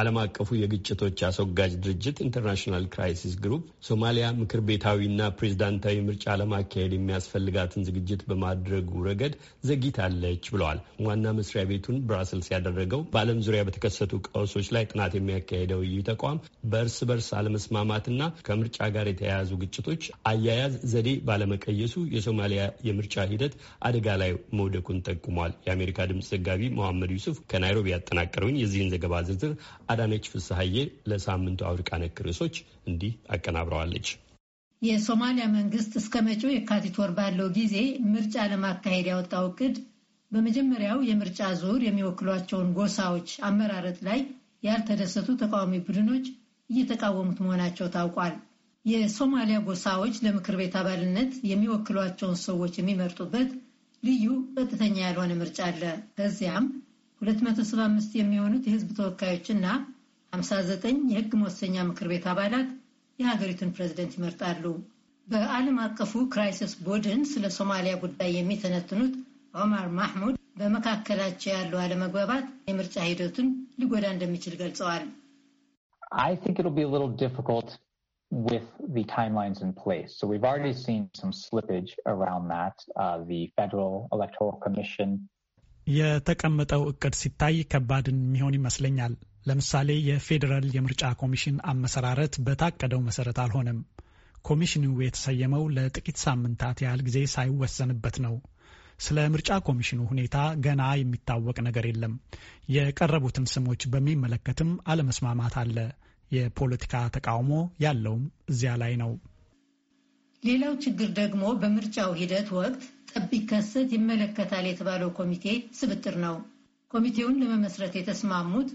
ዓለም አቀፉ የግጭቶች አስወጋጅ ድርጅት ኢንተርናሽናል ክራይሲስ ግሩፕ ሶማሊያ ምክር ቤታዊና ፕሬዚዳንታዊ ምርጫ ለማካሄድ የሚያስፈልጋትን ዝግጅት በማድረጉ ረገድ ዘግይታለች ብለዋል። ዋና መስሪያ ቤቱን ብራስልስ ያደረገው በዓለም ዙሪያ በተከሰቱ ቀውሶች ላይ ጥናት የሚያካሄደው ይህ ተቋም በእርስ በርስ አለመስማማትና ከምርጫ ጋር የተያያዙ ግጭቶች አያያዝ ዘዴ ባለመቀየሱ የሶማሊያ የምርጫ ሂደት አደጋ ላይ መውደቁን ጠቁሟል። የአሜሪካ ድምፅ ዘጋቢ መሐመድ ዩሱፍ ከናይሮቢ ያጠናቀረውን የዚህን ዘገባ ዝርዝር አዳነች ፍስሐዬ ለሳምንቱ አፍሪቃ ነክ ርዕሶች እንዲህ አቀናብረዋለች። የሶማሊያ መንግስት እስከ መጪው የካቲት ወር ባለው ጊዜ ምርጫ ለማካሄድ ያወጣው እቅድ በመጀመሪያው የምርጫ ዙር የሚወክሏቸውን ጎሳዎች አመራረጥ ላይ ያልተደሰቱ ተቃዋሚ ቡድኖች እየተቃወሙት መሆናቸው ታውቋል። የሶማሊያ ጎሳዎች ለምክር ቤት አባልነት የሚወክሏቸውን ሰዎች የሚመርጡበት ልዩ ቀጥተኛ ያልሆነ ምርጫ አለ። ከዚያም 275 የሚሆኑት የህዝብ ተወካዮችና 59 የህግ መወሰኛ ምክር ቤት አባላት የሀገሪቱን ፕሬዝደንት ይመርጣሉ። በዓለም አቀፉ ክራይሲስ ቡድን ስለ ሶማሊያ ጉዳይ የሚተነትኑት ኦማር ማሕሙድ በመካከላቸው ያለው አለመግባባት የምርጫ ሂደቱን ሊጎዳ እንደሚችል ገልጸዋል። የተቀመጠው እቅድ ሲታይ ከባድ የሚሆን ይመስለኛል። ለምሳሌ የፌዴራል የምርጫ ኮሚሽን አመሰራረት በታቀደው መሰረት አልሆነም። ኮሚሽኑ የተሰየመው ለጥቂት ሳምንታት ያህል ጊዜ ሳይወሰንበት ነው። ስለ ምርጫ ኮሚሽኑ ሁኔታ ገና የሚታወቅ ነገር የለም። የቀረቡትን ስሞች በሚመለከትም አለመስማማት አለ። የፖለቲካ ተቃውሞ ያለውም እዚያ ላይ ነው። ሌላው ችግር ደግሞ በምርጫው ሂደት ወቅት ጠብ ቢከሰት ይመለከታል የተባለው ኮሚቴ ስብጥር ነው። ኮሚቴውን ለመመስረት የተስማሙት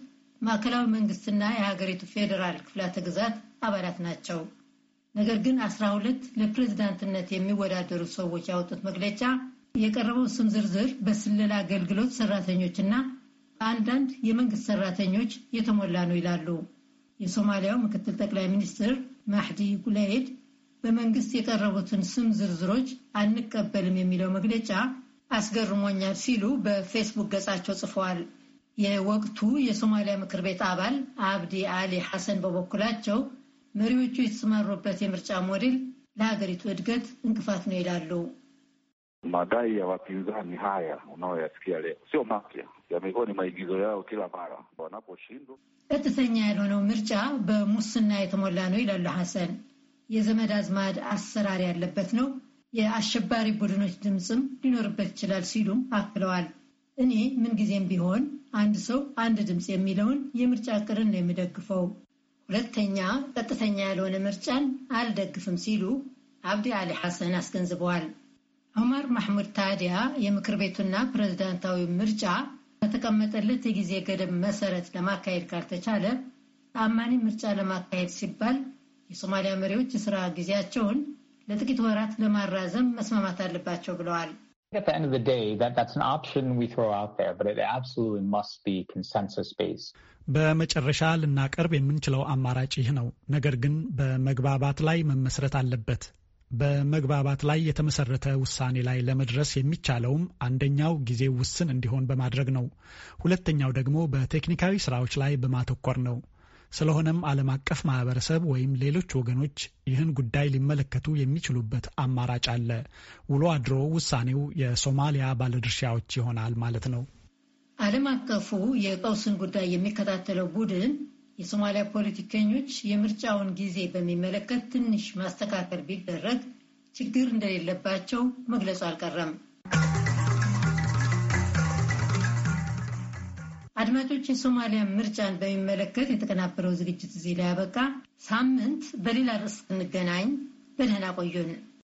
ማዕከላዊ መንግስትና የሀገሪቱ ፌዴራል ክፍላተ ግዛት አባላት ናቸው። ነገር ግን አስራ ሁለት ለፕሬዝዳንትነት የሚወዳደሩ ሰዎች ያወጡት መግለጫ የቀረበው ስም ዝርዝር በስለላ አገልግሎት ሰራተኞችና በአንዳንድ የመንግስት ሰራተኞች የተሞላ ነው ይላሉ። የሶማሊያው ምክትል ጠቅላይ ሚኒስትር ማህዲ ጉላይድ በመንግስት የቀረቡትን ስም ዝርዝሮች አንቀበልም የሚለው መግለጫ አስገርሞኛል ሲሉ በፌስቡክ ገጻቸው ጽፈዋል። የወቅቱ የሶማሊያ ምክር ቤት አባል አብዲ አሊ ሐሰን በበኩላቸው መሪዎቹ የተሰማሩበት የምርጫ ሞዴል ለሀገሪቱ እድገት እንቅፋት ነው ይላሉ። madai ya wapinzani haya unaoyasikia leo sio mapya, yamekuwa ni maigizo yao kila mara wanaposhindwa. ቀጥተኛ ያልሆነው ምርጫ በሙስና የተሞላ ነው ይላሉ ሐሰን። የዘመድ አዝማድ አሰራር ያለበት ነው፣ የአሸባሪ ቡድኖች ድምፅም ሊኖርበት ይችላል ሲሉም አክለዋል። እኔ ምንጊዜም ቢሆን አንድ ሰው አንድ ድምፅ የሚለውን የምርጫ ቅርን ነው የሚደግፈው። ሁለተኛ ቀጥተኛ ያልሆነ ምርጫን አልደግፍም ሲሉ አብዲ አሊ ሐሰን አስገንዝበዋል። ዑመር ማሕሙድ ታዲያ የምክር ቤቱና ፕሬዚዳንታዊ ምርጫ ከተቀመጠለት የጊዜ ገደብ መሰረት ለማካሄድ ካልተቻለ ተአማኒ ምርጫ ለማካሄድ ሲባል የሶማሊያ መሪዎች የስራ ጊዜያቸውን ለጥቂት ወራት ለማራዘም መስማማት አለባቸው ብለዋል። በመጨረሻ ልናቀርብ የምንችለው አማራጭ ይህ ነው። ነገር ግን በመግባባት ላይ መመስረት አለበት። በመግባባት ላይ የተመሰረተ ውሳኔ ላይ ለመድረስ የሚቻለውም አንደኛው ጊዜ ውስን እንዲሆን በማድረግ ነው። ሁለተኛው ደግሞ በቴክኒካዊ ስራዎች ላይ በማተኮር ነው። ስለሆነም ዓለም አቀፍ ማህበረሰብ ወይም ሌሎች ወገኖች ይህን ጉዳይ ሊመለከቱ የሚችሉበት አማራጭ አለ። ውሎ አድሮ ውሳኔው የሶማሊያ ባለድርሻዎች ይሆናል ማለት ነው። ዓለም አቀፉ የቀውስን ጉዳይ የሚከታተለው ቡድን የሶማሊያ ፖለቲከኞች የምርጫውን ጊዜ በሚመለከት ትንሽ ማስተካከል ቢደረግ ችግር እንደሌለባቸው መግለጹ አልቀረም። አድማጮች፣ የሶማሊያ ምርጫን በሚመለከት የተቀናበረው ዝግጅት እዚህ ላይ ያበቃ። ሳምንት በሌላ ርዕስ እንገናኝ። በደህና ቆዩን።